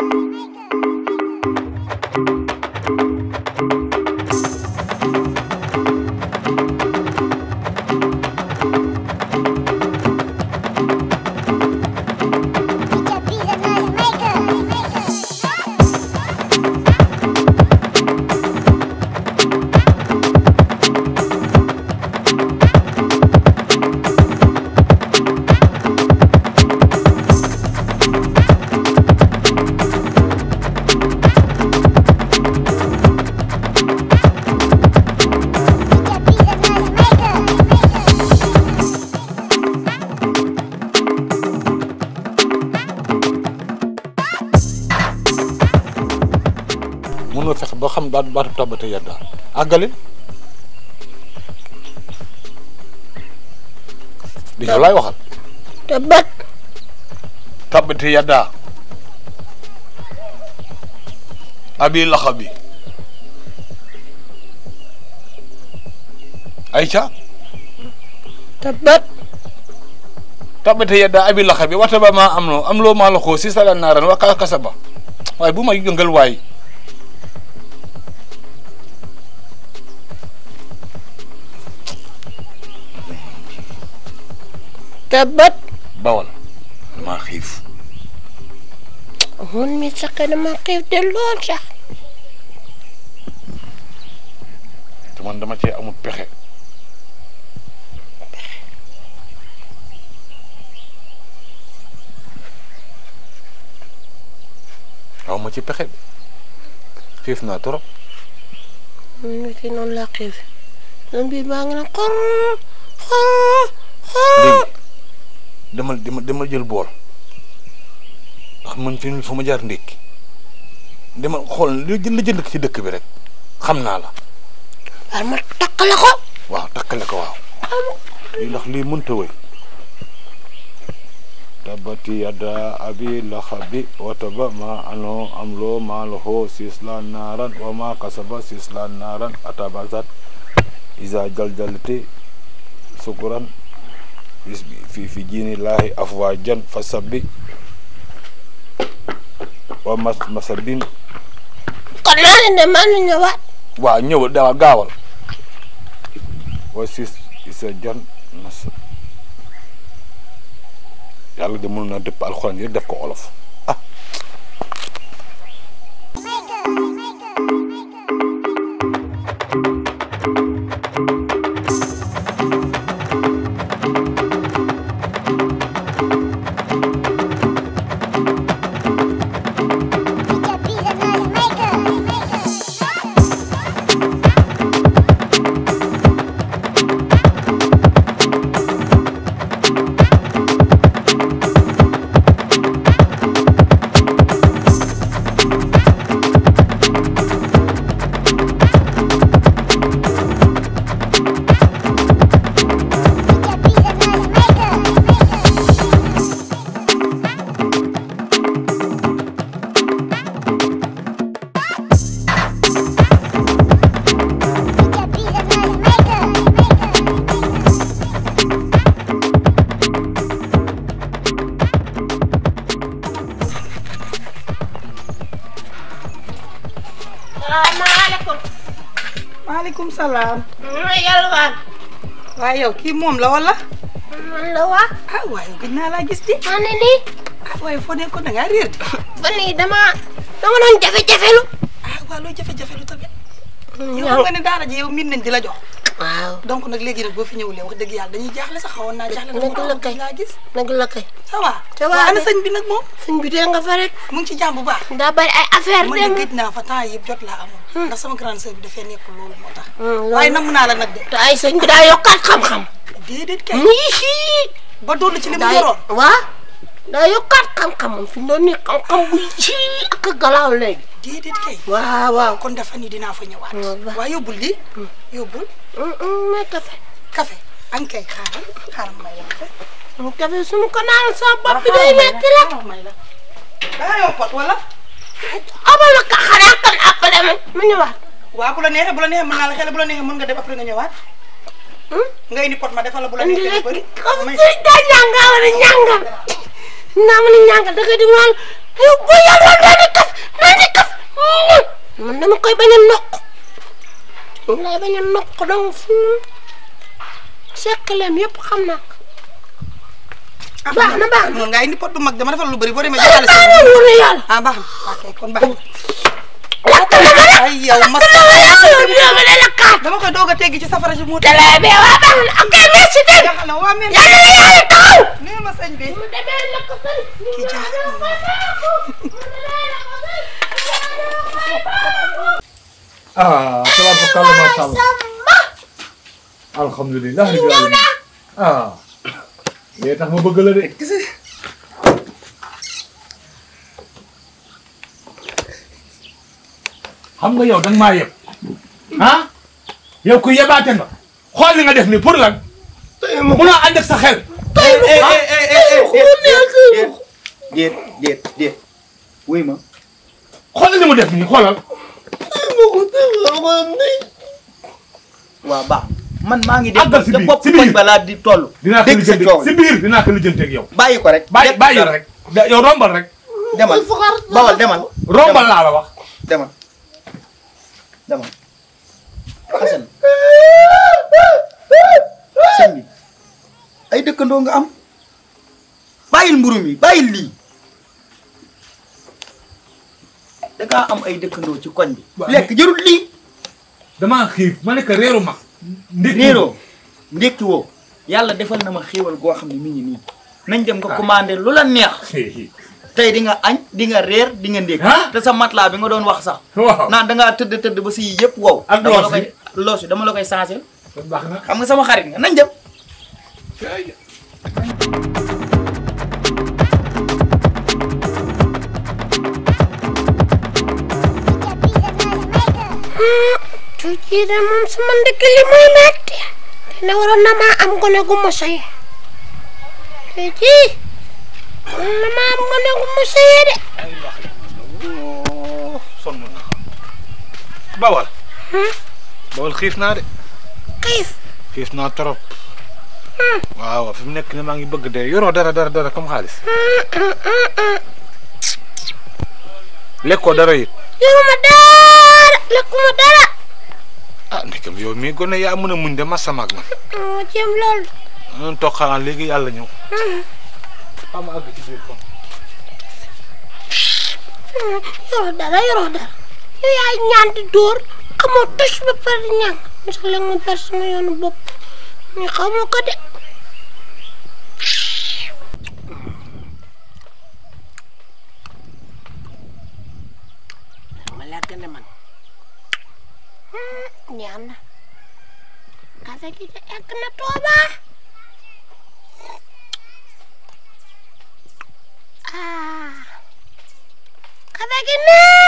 Michael. mënoo fexe ba xam baatu baatu tàbbate yadda àggale di yow laay waxal tabbat tàbbate yadda abi laxabi ayca tabbat tabbata yadda abi laxabi wata ba maa am loo am loo maa la xoo naaran wa kasaba waaye bu ma yëngal waay tabbat bawal damaa xiif woon mi sax dama xiif de lool sax te man dama cee amul pexe aw ma ci pexe xiif naa trop mun na noonu laa xiif noonu bii maa ngi na xor xor xor demal demal demal jël bool ndax man fi fu ma jaar ndékki demal xool lu jënd ci dëkk bi rek xam naa la. waaw ma takkale ko. waaw takkale ko waaw. lii ndax lii mënta wéy. tabati yadda abi laxabi wataba ma anoo am loo maa lahoo sislaan naaran wa ma kasaba sislaan naaran atabasat isa jaljalti sukuran bisbi fii fi jiini laahi afwaajan fa sabbi masabin kon maa leen ne maa leen ñëwaat waaw gaawal wa sis isa jon nas yàlla de mën na dëpp alxuraan yëpp def ko olof salaamaaleykum. maaleykum salaam. yalwaan. yow kii moom la wala. man la waa. ah waaye gëj naa laa gis di. ma ne nii. ah waaye foo nekkoon da ngaa damaa dama doon jafe-jafelu. ah waaw loo jafe-jafelu tamit. Mm, yow xam miin nañ di la jox. waaw donc nag léegi nag boo fi ñëwulee wax dëgg yàlla dañuy jaaxle sax xawoon naa jaaxle. nag la kay ngaa gis nag la kay. ça va ça va ana sëñ bi nag moom. sëñ bi dee nga fa ci jàmm ba baax. daa bari ay affaire de man gëj naa fa temps yëpp jot laa amoon. Hmm. ndax sama grande sœur bi dafee nekk loolu moo tax. Hmm, waaye namm naa la nag de. te ay sëñ bi daa yokkaat xam-xam. déedéet kay. ba doon ci li mu yoroon waaw daa yokkaat xam-xamam fi mu doon nii xam-xam bu ji ak galaaw léegi. déedéet waaw waaw kon dafa ni dinaa fa ñëwaat. waaw yóbbul lii. Hmm. yóbbul. Hmm, hmm, mais café. café an kay xaaral xaaral sa bopp bi day metti rek. daa yow pot wala. amal na la neexee bu la neexee mën nga dem après ñëwaat. nga indi pot naa ma ni ñàngal dangay di ñaan yow bu yàlla naa di kaf naa di kaf man dama koy bañ a noq mu lay bañ a noq dong fu seqaleem yëpp xam naa ko ah, baax na baax na nga lu bëri boo ah, ah, na yàlla ah baax na kon baax ay yow masa dama koy doog a teggi ci safara si mu da lay be waa baax na ak kay merci di yàlla na yàlla taxaw nee ma sëñ bi ki jaaxal ah tabaarkalla ma sha Allah alhamdulillah rabbil alamin ah yee tax ma bëgg la de xam nga yow danga maa yeb ah yow ku yebaate nga xool li nga def nii pour lan munoo ànd ak sa xel. tey bu baax tey déet xoolal mu def nii xoolal. waaw baax man maa ngi. àggal si biir si di toll. dégg sa coow si biir dinaa ko lijjanteeg yow. bàyyi ko rek. bàyyi bàyyi rek yow rombal rek. demal bawal rombal la wax dama Assane sëñ ay dëkkandoo nga am bàyyil mburu mi bàyyil lii dangaa am ay dëkkandoo ci koñ bi lekk jërul lii damaa xiif ma nekk réeru ma réeroo ndékki woo yàlla defal na ma xéewal goo xam ne mi ngi nii nañ dem nga ah. commandé lu la neex tey dinga añ di nga reer di nga ndéeg te sa matelas bi nga doon wax sax naan dangaa tëdd tëdd ba si yëpp wow dama la koy dama la koy changé xam nga sama xarit nga nañ jëm kii de sama ndëkk li muy metti dina waroon na maa am gone gu mosay te maam nga nangu mu sëyee de. sonn na bawal. Hmm? bawal xiif naa de. xiif. xiif naa trop. Hmm. waaw fi mu nekk nii maa ngi bëgg de yoroo dara dara dara xaalis. Hmm, lekkoo dara it. yoruma dara lekkuma dara. ah ndekam yow mii gone yaa mu a muñ de masamaag ma. jéem loolu. noonu toog xanaa léegi yàlla ñëw. xam àgg ci biir kon. yoroo ñaan di dóor xamoo tos ba pare ñaan ndax léegi mu perte sama yoonu bopp ñu xamoo ko ma làgg ne man hmm, ñaan na kase gi de na Tuuba. lagi nih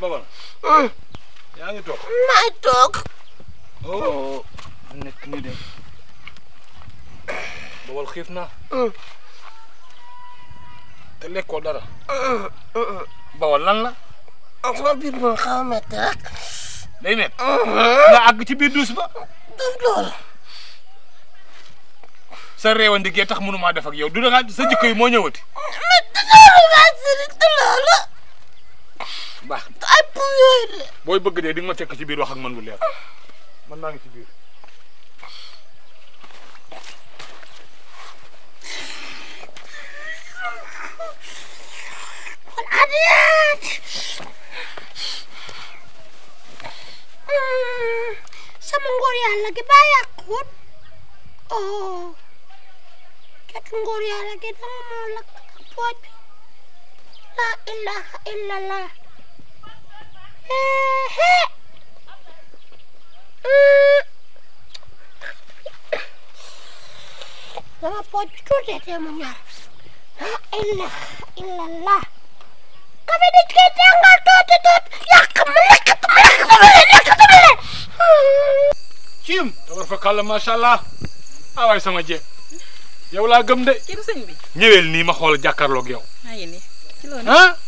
babal eh. yaa ngi toog maa ngi toog oh nekk nii de babal xiif na eh. te lekkoo dara eh. babal lan la sama biir moom xaw metti rek day met nga àgg ci biir duus ba duus loolu sa réewandi gee tax mënumaa def ak yow du da nga sa jikko moo ñëwati mais dina lu ma sëriñ loolu booy bëgg dee di ma fekk ci biir wax ak man lu leer man naa ngi ci biir. sama ngóor yàlla ba yàqu woon oh kat ngóor yàlla gi dama moo lakk ak pooj la ilaha illallah Tämä potkuutet ja mun jär. Illa, illa, illa. Kaverit ketään kautta tuot. Jakka, jakka, jakka, jakka, jakka, Kim, tabarfakalla masha Allah. Awaay sama jeeg. yow laa gëm de. Kim sëñ bi. ñëweel nii ma xool jàkkaarloog yow. maa ngi nii. ah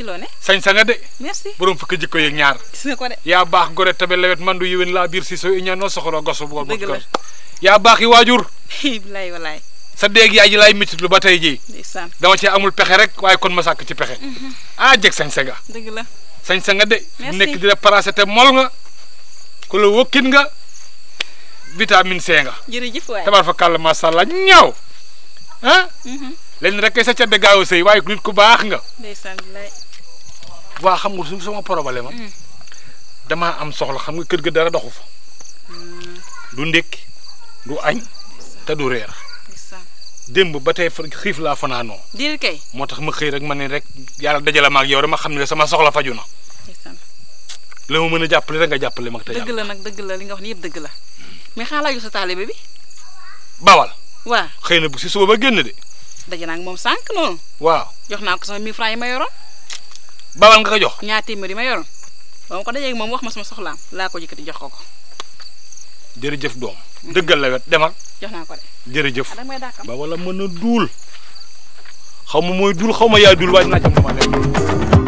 ci loo ne sañ sa nga de merci borom fukki jikko yeeg ñaar gis nga ko de yaa baax gore tabe lewet mandu yiwén laa biir si soo iñaanoo soxoroo gosu bu dëgg la yaa baax yi waajur sa déeg yaay ji laay métit lu ba tey jii dama ci amul pexe rek waaye kon ma sàkk ci pexe mhm. ah jeg sañ sa nga dëgg la sañ sa nga de nekk di la paracé te mol nga ku la wëkkit nga vitamine C nga jërëjëf waay tabaar fa kàll masha Allah ñaaw ah mhm. leen rek sa cadde gaaw a waaye nit ku baax nga waa xam nga suñu sama problème mm. ma am soxla xam nga kër ga dara doxu fa mm. du ndékki du añ te du reer démb ba tey xiif laa fanaanoo dir kay moo tax ma xëy rek ma ne rek yàlla dajale ma ak ma xam ne sama soxla faju na la a jàppale rek nga jàppale mag te dëgg la nag dëgg la li nga wax ni yëpp dëgg la mais xaaral yu sa taalibe bi bawal waaw xëy na bu si suba ba génn de daje moom sànq noonu waaw jox naa ko sama mille francs yi ma bawal nga ko jox. ñaar téeméer ma yoroon ba ma ko dajee moom wax ma sama soxlaam laa ko yëkkati jox ko ko. jërëjëf doom. dëggal la wet demal. jox naa ko de. jërëjëf ah, ba wala mën a duul xaw ma mooy duul xaw ma yaay duul waaye na ci am sama